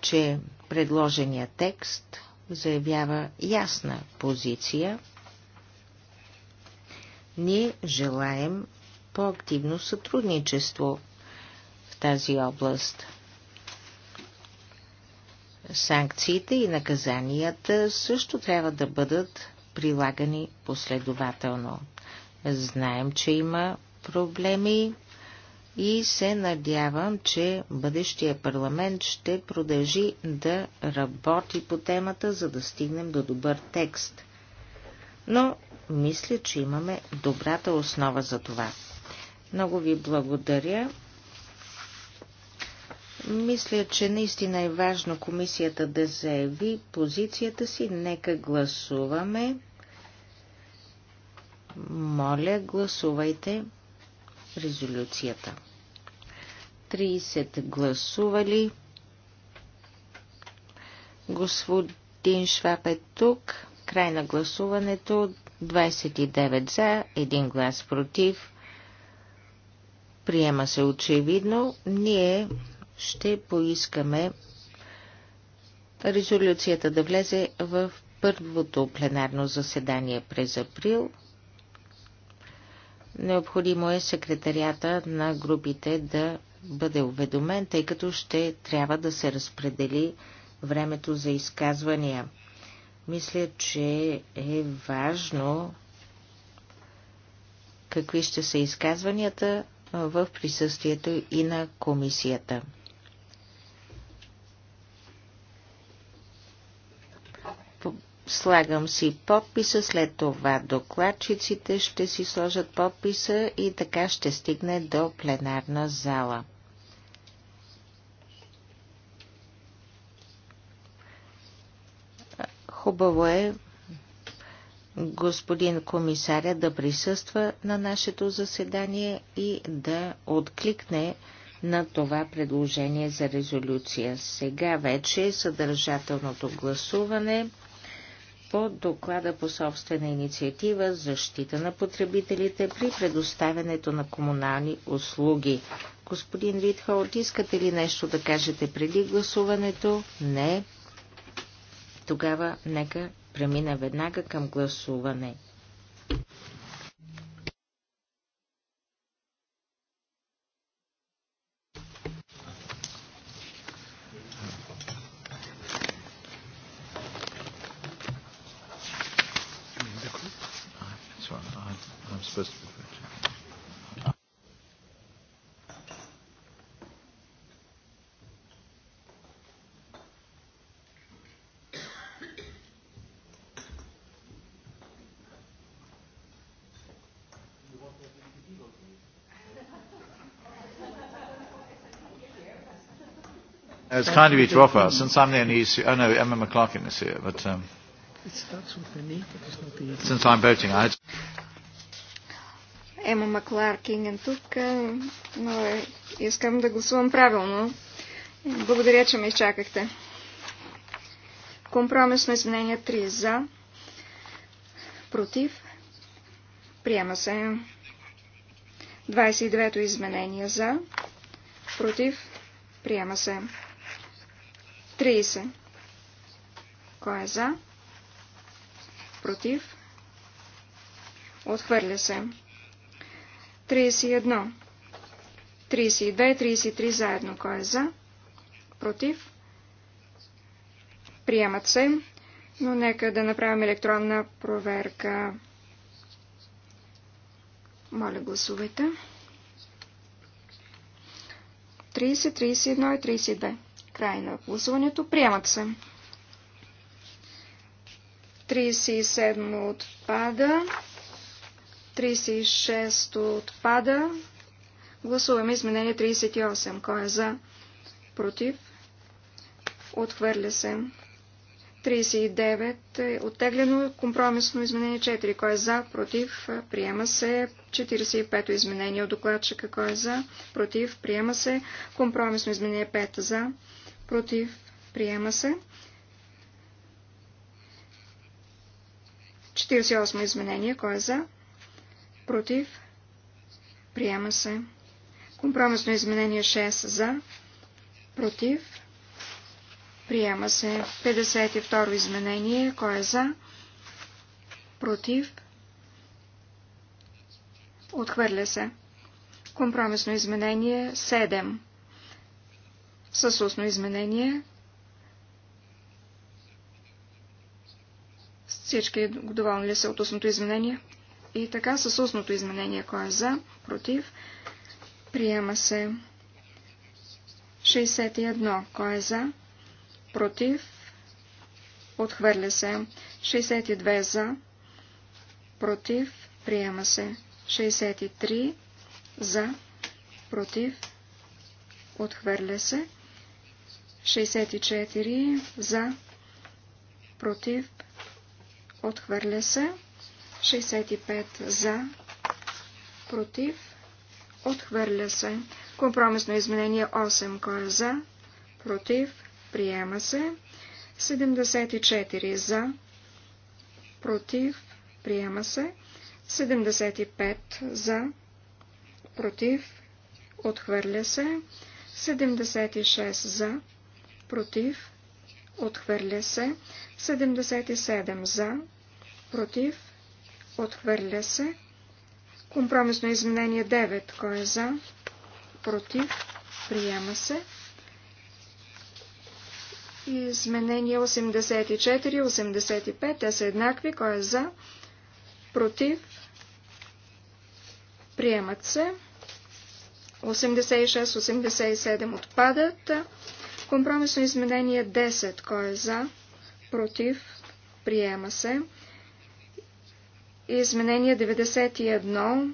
че предложения текст заявява ясна позиция. Ние желаем по-активно сътрудничество тази област. Санкциите и наказанията също трябва да бъдат прилагани последователно. Знаем, че има проблеми и се надявам, че бъдещия парламент ще продължи да работи по темата, за да стигнем до добър текст. Но мисля, че имаме добрата основа за това. Много ви благодаря. Мисля, че наистина е важно комисията да заяви позицията си. Нека гласуваме. Моля, гласувайте резолюцията. 30 гласували. Господин Шваб е тук. Край на гласуването. 29 за, 1 глас против. Приема се очевидно. Ние ще поискаме резолюцията да влезе в първото пленарно заседание през април. Необходимо е секретарията на групите да бъде уведомен, тъй като ще трябва да се разпредели времето за изказвания. Мисля, че е важно какви ще са изказванията в присъствието и на комисията. Слагам си подписа, след това докладчиците ще си сложат подписа и така ще стигне до пленарна зала. Хубаво е господин комисаря да присъства на нашето заседание и да откликне на това предложение за резолюция. Сега вече съдържателното гласуване по доклада по собствена инициатива защита на потребителите при предоставянето на комунални услуги. Господин Витхолт, искате ли нещо да кажете преди гласуването? Не. Тогава нека премина веднага към гласуване. It's kind of you to offer. Since I'm the only e EC, oh no, Emma McLaughlin is here, but um, it starts with an E, but it's not the Since I'm voting, I. Ема Макларкинг е тук, е, но е, искам да гласувам правилно. Благодаря, че ме изчакахте. Компромисно изменение 3 за. Против. Приема се. 29-то изменение за. Против. Приема се. 30. Кой е за? Против? Отхвърля се. 31. 32 и 33 заедно. Кой е за? Против? Приемат се, но нека да направим електронна проверка. Моля, гласувайте. 30, 31 и 32. Край на гласуването. Приемат се. 37 отпада. 36 отпада. Гласуваме изменение 38. Кой е за? Против? Отхвърля се. 39 е оттеглено компромисно изменение 4. Кой е за? Против? Приема се. 45 изменение от докладчика. Кой е за? Против? Приема се. Компромисно изменение 5 за против, приема се. 48 изменение, кой е за, против, приема се. Компромисно изменение 6 за, против, приема се. 52 изменение, кой е за, против, отхвърля се. Компромисно изменение 7 с устно изменение. Всички доволни ли са от устното изменение? И така с устното изменение, кой е за, против, приема се 61, кой е за, против, отхвърля се 62 за, против, приема се 63 за, против, отхвърля се 64 за, против, отхвърля се. 65 за, против, отхвърля се. Компромисно изменение 8, кой е за, против, приема се. 74 за, против, приема се. 75 за, против, отхвърля се. 76 за, против, отхвърля се. 77 за, против, отхвърля се. Компромисно изменение 9, кой е за, против, приема се. Изменение 84, 85, те са еднакви, кой е за, против, приемат се. 86, 87 отпадат. Компромисно изменение 10. Кой е за? Против? Приема се. Изменение 91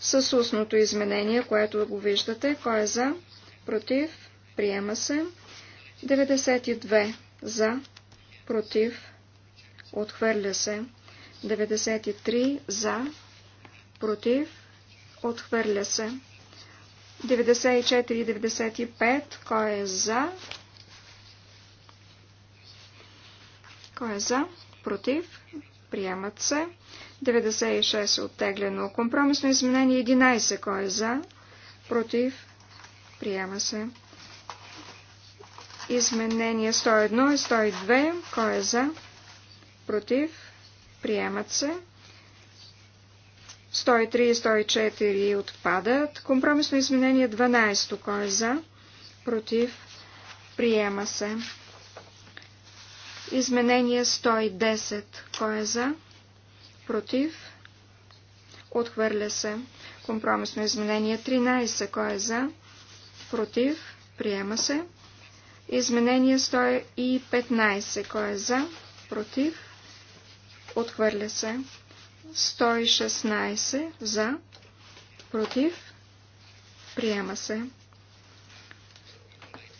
с устното изменение, което го виждате. Кой е за? Против? Приема се. 92 за, против, отхвърля се. 93 за, против, отхвърля се. 94 и 95. Кой е за? Кой е за? Против? Приемат се. 96 е оттеглено. Компромисно изменение 11. Кой е за? Против? Приема се. Изменение 101 и 102. Кой е за? Против? Приемат се. 103 и 104 отпадат. Компромисно изменение 12. Кой е за? Против? Приема се. Изменение 110. Кой е за? Против? Отхвърля се. Компромисно изменение 13. Кой е за? Против? Приема се. Изменение 115. Кой е за? Против? Отхвърля се. 116 за, против, приема се.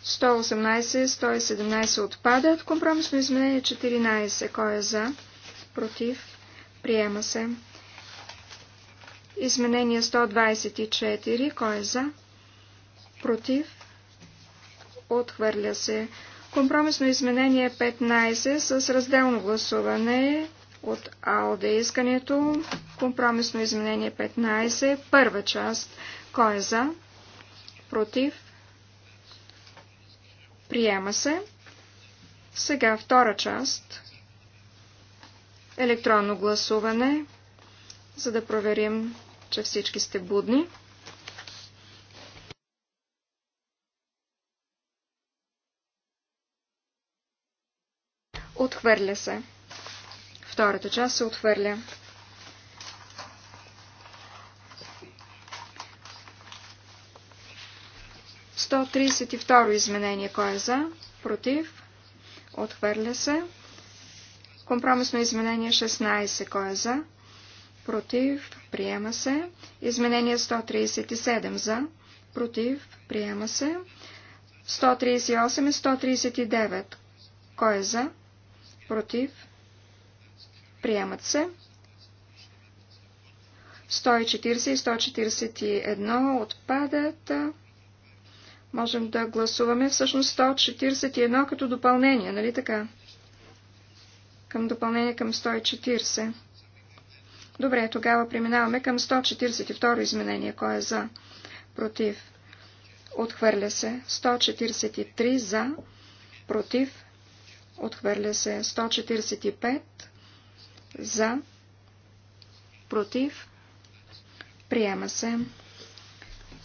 118, 117 отпадат. Компромисно изменение 14. Кой е за? Против. Приема се. Изменение 124. Кой е за? Против. Отхвърля се. Компромисно изменение 15 с разделно гласуване от АОД искането. Компромисно изменение 15. Първа част. Кой е за? Против? Приема се. Сега втора част. Електронно гласуване, за да проверим, че всички сте будни. Отхвърля се. Втората част се отхвърля. Сто изменение. Кой е за? Против? Отхвърля се. Компромисно изменение 16. Кой е за? Против? Приема се. Изменение 137. За? Против? Приема се. 138 и 139. Кой е за? Против? Приемат се. 140 и 141 отпадат. Можем да гласуваме всъщност 141 като допълнение, нали така? Към допълнение към 140. Добре, тогава преминаваме към 142 изменение. Кой е за? Против. Отхвърля се. 143 за. Против. Отхвърля се. 145 за, против, приема се.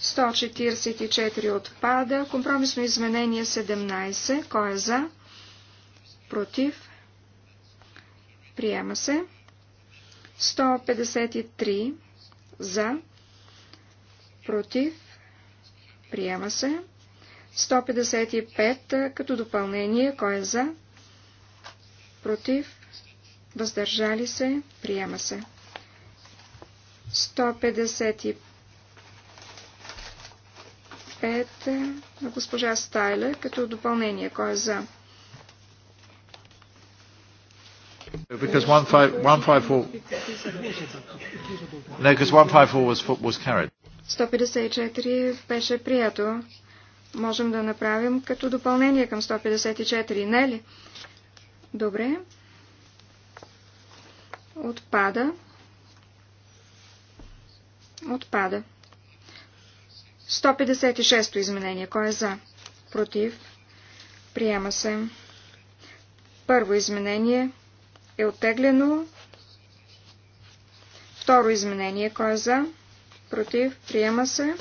144 отпада. Компромисно изменение 17. Кой е за? Против. Приема се. 153 за. Против. Приема се. 155 като допълнение. Кой е за? Против въздържали се, приема се. 155 на госпожа Стайле като допълнение. Кой е за? Because 154 154 беше прието. Можем да направим като допълнение към 154, не ли? Добре. Отпада. Отпада. 156-то изменение. Кой е за? Против. Приема се. Първо изменение е оттеглено. Второ изменение. Кой е за? Против. Приема се.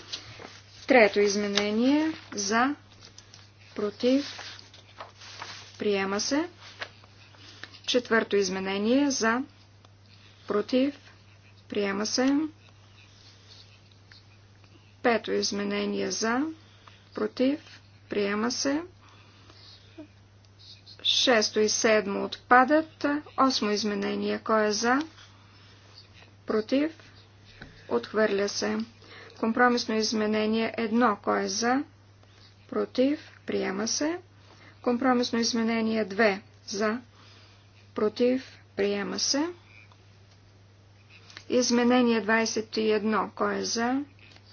Трето изменение. За. Против. Приема се. Четвърто изменение. За. Против против, приема се. Пето изменение за, против, приема се. Шесто и седмо отпадат. Осмо изменение. Кой е за? Против. Отхвърля се. Компромисно изменение 1. Кой е за? Против. Приема се. Компромисно изменение 2. За. Против. Приема се. Изменение 21. Кой е за?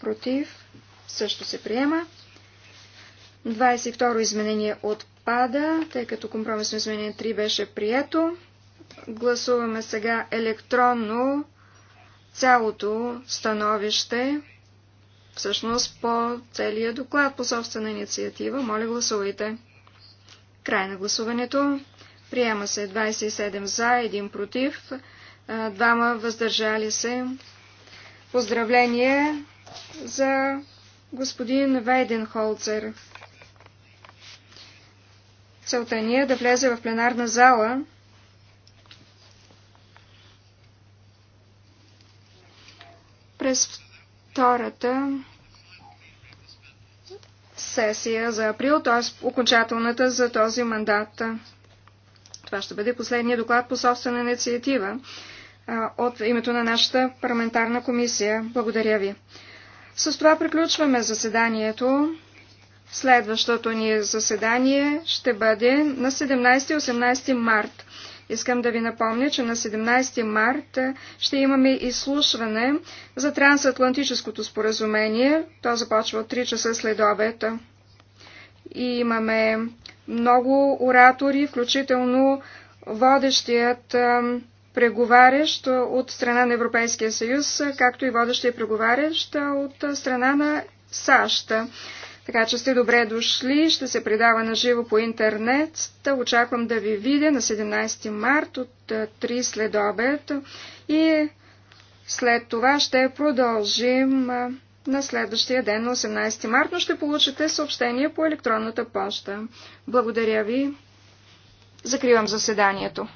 Против? Също се приема. 22 изменение отпада, тъй като компромисно изменение 3 беше прието. Гласуваме сега електронно цялото становище, всъщност по целия доклад по собствена инициатива. Моля, гласувайте. Край на гласуването. Приема се 27 за, 1 против, двама въздържали се. Поздравление за господин Вейденхолцер. Целта ни е да влезе в пленарна зала през втората сесия за април, т.е. окончателната за този мандат. Това ще бъде последния доклад по собствена инициатива от името на нашата парламентарна комисия. Благодаря ви. С това приключваме заседанието. Следващото ни заседание ще бъде на 17-18 март. Искам да ви напомня, че на 17 март ще имаме изслушване за трансатлантическото споразумение. То започва от 3 часа след обед. И имаме много оратори, включително водещият преговарящ от страна на Европейския съюз, както и водещия преговарящ от страна на САЩ. Така че сте добре дошли, ще се предава на живо по интернет. Очаквам да ви видя на 17 март от 3 след обед и след това ще продължим на следващия ден на 18 март, но ще получите съобщение по електронната почта. Благодаря ви. Закривам заседанието.